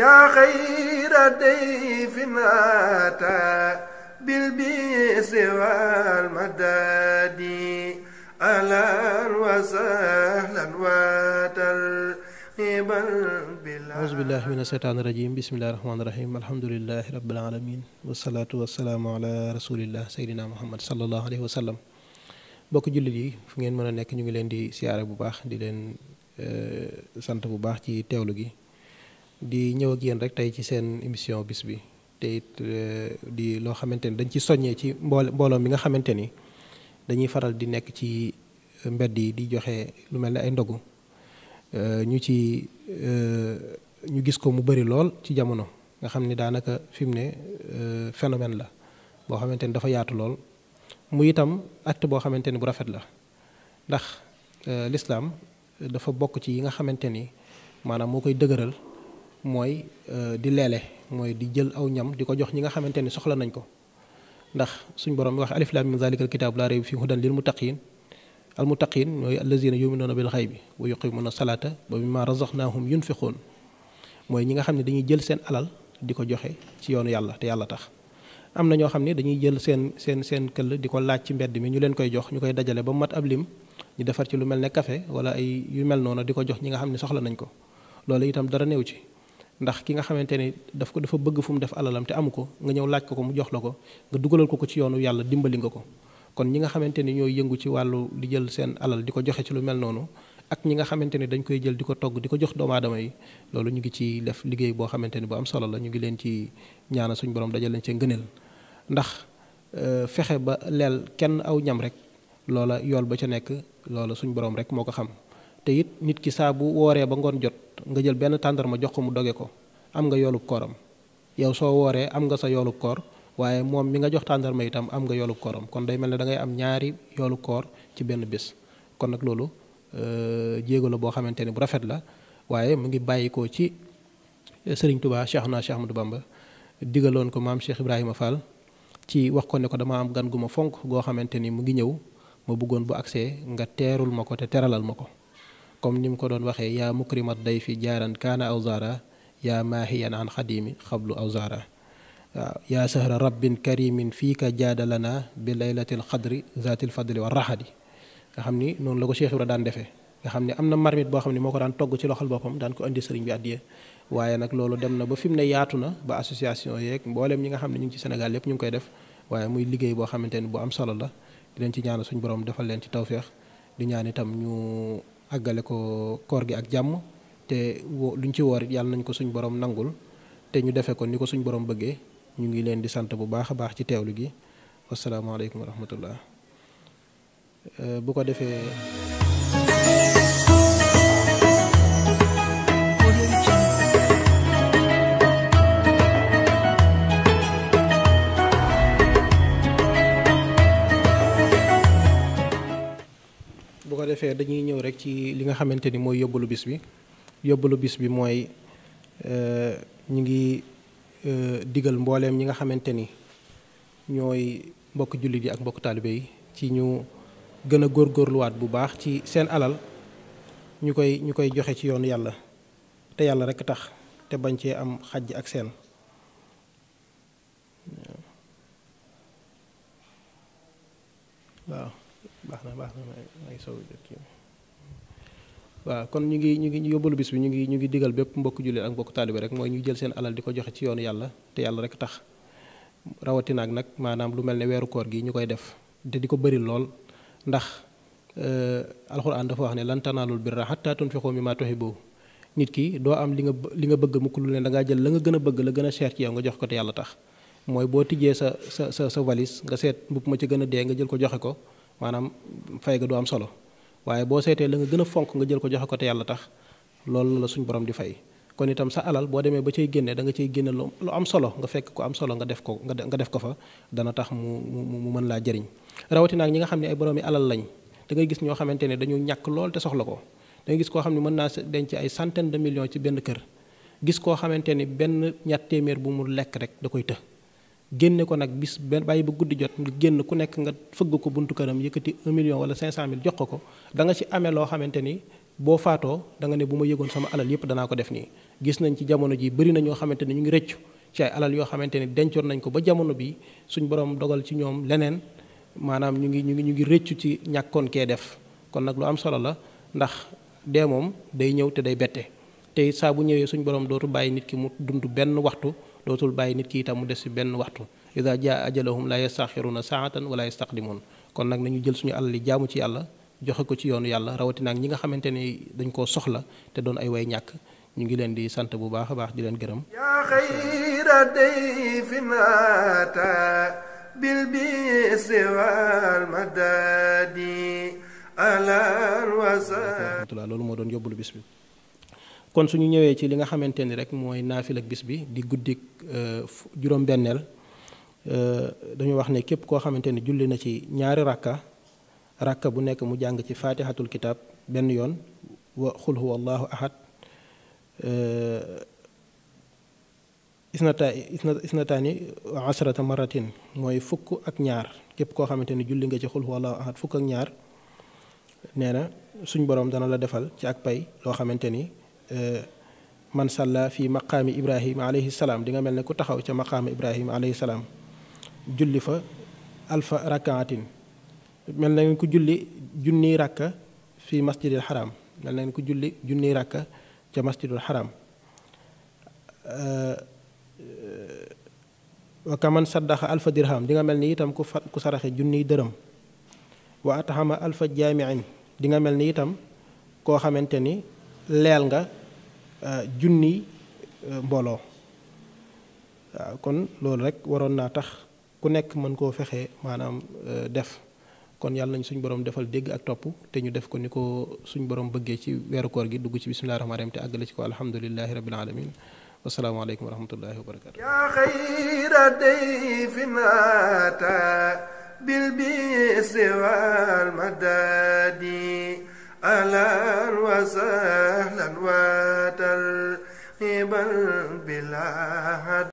yaa xayra dayfin ataa bil bisri wal madadi ahlan wa sahlan wa tarhiban billah auzu billahi mina shaytaani rajim bismillahi rahmaani rahim alhamdulillahi rabbil alamin wasalaatu wasalaamu ala rasulillah sayyidina muhammad sallallahu alayhi wa sallam mbokk jullit yi fu ngeen mën a nekk ñu ngi leen di siyaare bu baax di leen sant bu baax ci teewlu gi di ñëw ak yéen rek tey ci seen émission bis bi te it eh, di loo xamante ni dañ ci soññee ci mbool mbooloo mi nga xamante ni dañuy faral di nekk ci eh, mbedd yi di joxe lu mel ni ay ndogu eh, ñu ci ñu gis ko mu bari lool ci jamono nga xam ni daanaka fi mu ne phénomène la boo xamante ni dafa yaatu lool mu itam acte boo xamante ni bu rafet la ndax l'islam dafa bokk ci yi nga xamante ni maanaam moo koy dëgëral mooy euh, di leele mooy di jël aw ñam di ko jox ñi nga xamante ne soxla nañ ko ndax suñ borom mi wax alif laam miim zaalikal kitaabu laa rayba fiihi hudan lil muttaqiin al muttaqiin mooy allaziina yu'minuuna bil xaybi wa yuqiimuuna salaata wa mimmaa razaqnaahum yunfiquun mooy ñi nga xam ne dañuy jël seen alal di ko joxe ci yoonu yàlla te yàlla tax am na ñoo xam ne dañuy jël seen seen seen këll di ko laaj ci mbedd mi ñu leen koy jox ñu koy dajale ba mat ab lim ñu defar ci lu mel ne café wala ay yu mel noonu di ko jox ñi nga xam ne soxla nañ ko loolu itam dara néew ci ndax ki nga xamante ni daf ko dafa bëgg fu mu def alalam te amu ko nga ñëw laaj ko ko mu jox la ko nga dugalal ko ko ci yoonu yàlla dimbali nga ko kon ñi nga xamante ni ñoo yëngu ci wàllu di jël seen alal di ko joxe ci lu mel noonu ak ñi nga xamante ni dañ koy jël di ko togg di ko jox doomu aadama yi loolu ñu ngi ci def liggéey boo xamante ni bu am solo la ñu ngi leen ci ñaana suñu borom dajal leen ci ngëneel ndax euh, fexe ba leel kenn aw ñam rek loola yool ba ca nekk loola suñu borom rek moo ko xam te it nit ki saa bu wooree ba ngoon jot nga jël benn tàndarma jox ko mu doge ko am nga yoolub kooram yow soo wooree am nga sa yoolub koor waaye moom mi nga jox tàndarma itam am nga yoolub kooram kon day mel ne dangay am ñaari yoolu koor ci benn bés kon nag loolu euh, jéego la boo xamante ne bu rafet la waaye mu ngi bàyyikoo ci euh, Serigne Touba Cheikh na Cheikh Ahmadou Bamba digaloon ko maam Cheikh Ibrahima Fall ci wax ko ne ko dama am gan gu ma fonk goo xamante ni mu ngi ñëw ma bëggoon bu agsee nga teerul ma ko teralal ma ko comme ni mu ko doon waxee yaa mukrimat day fi jaaran kaana aw zaara yaa maahiyan an xadimi xablu aw zaara waaw yaa sahra rabbin karimin fii ka jaadalana bi laylatil xadri zaatil fadli wa raxadi nga xam ni noonu la ko Cheikh Ibra daan defee nga xam ne am na marmite boo xam ne moo ko daan togg ci loxol boppam daan ko indi sëriñ bi àddiya waaye nag loolu dem na ba fi mu ne yaatu na ba association yeeg mboolem ñi nga xam ne ñu ngi ci senegal lépp ñu ngi koy def waaye muy liggéey boo xamante ni bu am solo la di leen suñu borom defal leen di ñaan itam aggale ko koor gi ak jàmm te luñ ci woor yàlla nañ ko suñ borom nangul te ñu defee ko ni ko suñ borom bëggee ñu ngi leen di sant bu baax a baax ci teewlu gi wasalaamaaleykum wa rahmatullah euh, bu ko defee defee dañuy ñëw rek ci li nga xamante ni mooy yóbbalu bis bi yóbbalu bis bi mooy euh, ñu ngi euh, digal mbooleem ñi nga xamante ni ñooy mbokk jullit yi ak mbokk taalibe yi ci ñu gën a góorluwaat bu baax ci seen alal ñu koy ñu koy joxe ci yoon yàlla te yàlla rek tax te bañ cee am xaj ak seen waaw baax na baax kon ñu ngi ñu ngi yóbbalu bis bi ñu ngi ñu ngi digal bépp mbokk jullit ak mbokk taalibe rek mooy ñu jël seen alal di ko joxe ci yoonu yàlla te yàlla rek tax rawatina nag maanaam lu mel ne weeru koor gi ñu koy def te di ko bari lool ndax euh, alxuraan dafa wax ne lan tanaalul birra hattaa tunfiqu mimmaa boobu nit ki doo am li nga li nga bëgg mukk lu ne da ngaa jël la nga gën a bëgg la gën a cher ci yow nga jox ko te yàlla tax mooy boo tijjee sa sa sa sa valise nga seet mbubb ma ci gën a nga jël ko joxe ko maanaam fay ga du am solo waaye boo seetee la nga gën a fonk nga jël ko joxe ko te yàlla tax loolu la suñ borom di fay kon itam sa alal boo demee ba cay génne da nga cay génne lu am solo nga fekk ko am solo nga def ko nga def ko fa dana tax mu mu mën laa jëriñ rawatina ñi nga xam ne ay boroomi alal lañ dangay ngay gis ñoo xamante ne dañu ñàkk lool te soxla ko da gis koo xam ne mën naa denc ay de millions ci benn kër gis koo xamante ni benn ñatt téeméer bu mu lekk rek da koy të génne ko nag bis benn bàyyi ba guddi jot nga génn ku nekk nga fëgg ko buntu këram yëkkati 1 million wala 500000 jox ko ko da nga ci amee loo xamante ni boo faatoo da nga ne bu ma yëgoon sama alal yëpp danaa ko def nii. gis nañ ci jamono ji bëri na ñoo xamante ni ñu ngi rëccu ci ay alal yoo xamante ni dencoon nañ ko ba jamono bi suñ borom dogal ci ñoom leneen maanaam ñu ngi ñu ngi ñu ngi rëccu ci ñàkkoon kee def kon nag lu am solo la ndax dee moom day ñëw te day bette. te saa bu ñëwee suñu borom dootu bàyyi nit ki mu dund benn waxtu dootul bàyyi nit ki itam mu des si benn waxtu ida jaa ajalahum la yastaxiruna saatan di yastaqdimun kon nag nañu jël suñu alal yi jaamu ci yàlla joxe ko ci yoonu yàlla rawatina ak ñi nga xamante ni dañ koo soxla te doon ay way ñàkk ñu ngi leen di sant bu baax a baax di leen gërëm yaa xayra dayfin ataa bil bisri wal madadi alal wasa loolu moo doon yóbbulu bis kon suñu ñëwee ci li nga xamante ni rek mooy naafil ak bis bi di guddik euh, juróom-benneel euh, dañu wax ne képp koo xamante ni julli na ci ñaari rakka rakka bu nekk mu jàng ci faatihatul kitab benn yoon wa xul huwa allahu ahad euh, isnata mooy fukk ak ñaar képp koo xamante ni julli nga ci xul huwa ñaar nee na suñ boroom dana la defal ci ak pay loo xamante ni Eh, man salla fi maqaami ibrahima alayhi salaam di nga mel ni ku taxaw ca maqaami ibrahima alayhi salaam julli fa alfa rakaatin mel na ngeen ku julli junniy rakka fi masjidil xaram mel na ngeen ku julli junniy rakka ca masjidul xaram eh, wa kaman saddaxa alfa dirham di nga mel ni itam ku ku saraxe junniy dërëm wa atxama alfa jaamiin di nga mel ni itam koo xamante ni leel nga euh, junni euh, mbooloo waaw kon loolu rek waroon naa tax ku nekk mën koo fexe maanaam euh, def kon yàlla nañ suñ borom defal dégg ak topp te ñu def ko ni ko suñ borom bëggee ci weeru koor gi dugg ci bismillahi rahmaani rahim te àggale ci ko alhamdulilahi rabbil alamin wassalaamu aleykum wa wa barakatu أهلا وسهلا وترحيبا بلا